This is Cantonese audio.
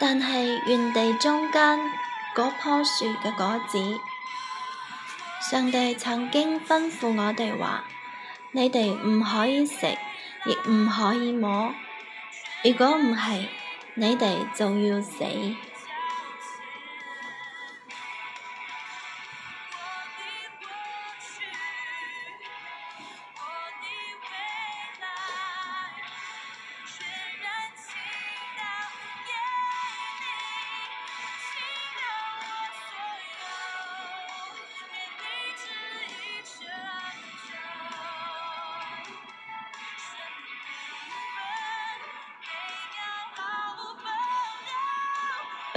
但係原地中間嗰樖樹嘅果子，上帝曾經吩咐我哋話：你哋唔可以食，亦唔可以摸。如果唔係，你哋就要死。